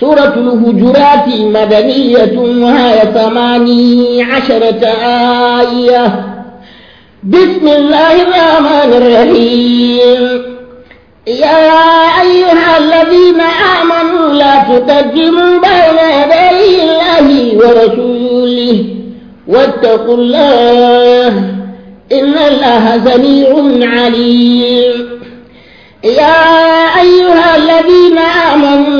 سورة الهجرات مدنية وهي ثماني عشرة آية بسم الله الرحمن الرحيم يا أيها الذين آمنوا لا تقدموا بين يدي الله ورسوله واتقوا الله إن الله سميع عليم يا أيها الذين آمنوا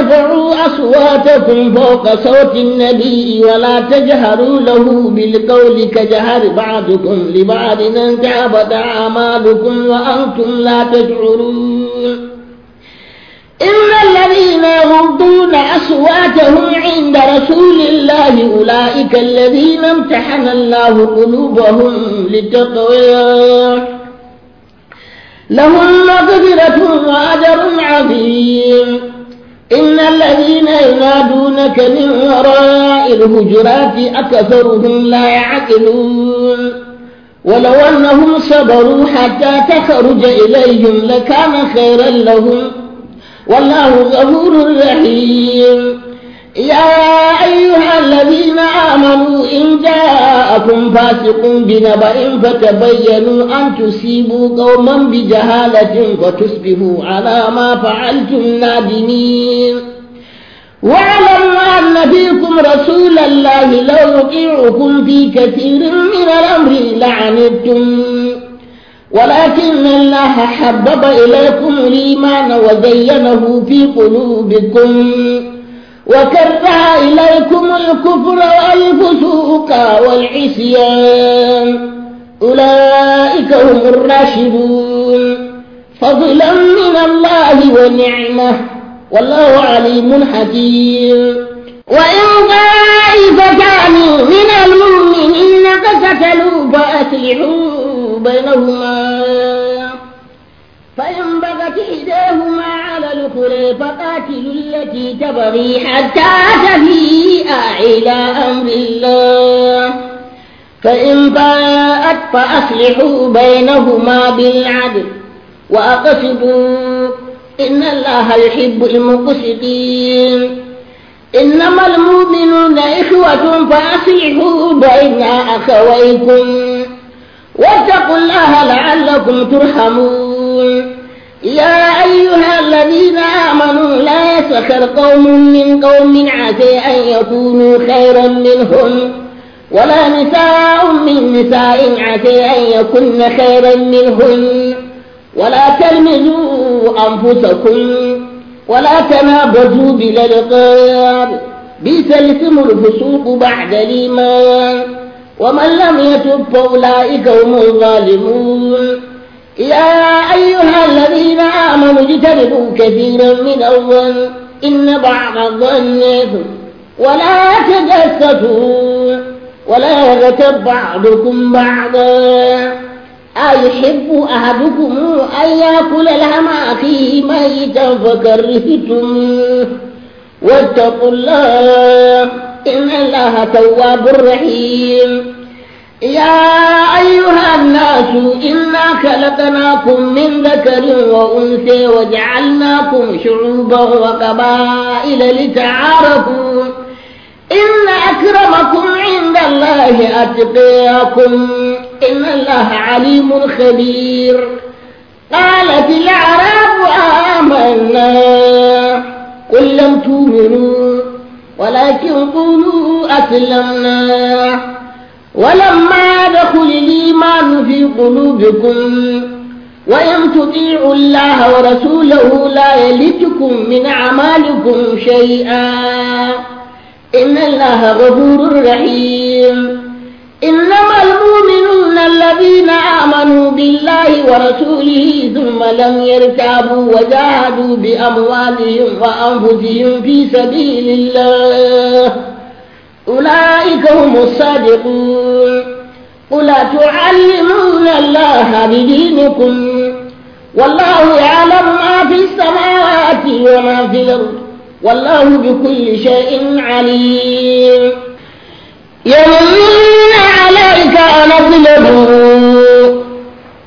ترفعوا أصواتكم فوق صوت النبي ولا تجهروا له بالقول كجهر بعضكم لبعض أن تعبد أعمالكم وأنتم لا تشعرون إن الذين يغضون أصواتهم عند رسول الله أولئك الذين امتحن الله قلوبهم للتقوى لهم مغفرة وأجر عظيم إن الذين ينادونك من وراء الهجرات أكثرهم لا يعقلون ولو أنهم صبروا حتى تخرج إليهم لكان خيرا لهم والله غفور رحيم يا أيها الذين إن جاءكم فاسق بنبأ فتبينوا أن تصيبوا قوما بجهالة وتصبحوا على ما فعلتم نادمين واعلموا أن فيكم رسول الله لو يطيعكم في كثير من الأمر لعنتم ولكن الله حبب إليكم الإيمان وزينه في قلوبكم وكره إليكم الكفر والفسوق والعصيان أولئك هم الراشدون فضلا من الله ونعمة والله عليم حكيم وإن طائفتان من المؤمنين فقتلوا فأصلحوا بينهما فإن بغت إحداهما على الأخرى فقاتلوا التي تبغي حتى تفيء إلى أمر الله فإن باءت فأصلحوا بينهما بالعدل وأقسطوا إن الله يحب المقسطين إنما المؤمنون إخوة فأصلحوا بين أخويكم واتقوا الله لعلكم ترحمون يا أيها الذين آمنوا لا يسخر قوم من قوم عسى أن يكونوا خيرا منهم ولا نساء من نساء عسى أن يكن خيرا منهن ولا تلمزوا أنفسكم ولا تنابزوا بالألقاب بئس الاسم الفسوق بعد الإيمان ومن لم يتب فأولئك هم الظالمون يا أيها الذين آمنوا اجتنبوا كثيرا من الظن إن بعض الظن ولا تجسسوا ولا يغتب بعضكم بعضا أيحب أحدكم أن يأكل لهم أخيه ميتا فكرهتم واتقوا الله إن الله تواب رحيم يا الناس إنا خلقناكم من ذكر وأنثى وجعلناكم شعوبا وقبائل لتعارفوا إن أكرمكم عند الله أتقيكم إن الله عليم خبير قالت الأعراب آمنا قل لم تؤمنوا ولكن قولوا أسلمنا ولما الإيمان في قلوبكم وإن تطيعوا الله ورسوله لا يلدكم من أعمالكم شيئا إن الله غفور رحيم إنما المؤمنون الذين آمنوا بالله ورسوله ثم لم يرتابوا وجاهدوا بأموالهم وأنفسهم في سبيل الله أولئك هم الصادقون قل تعلمون الله بدينكم والله يعلم ما في السماوات وما في الأرض والله بكل شيء عليم يمنون عليك أن أظلموا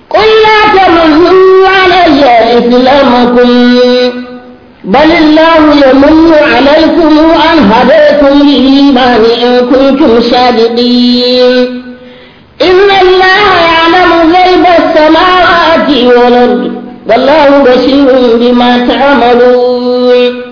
قل لا تمنوا علي إسلامكم بل الله يمن عليكم أن هديتم للإيمان إن كنتم صادقين السماوات والأرض والله بشير بما تعملون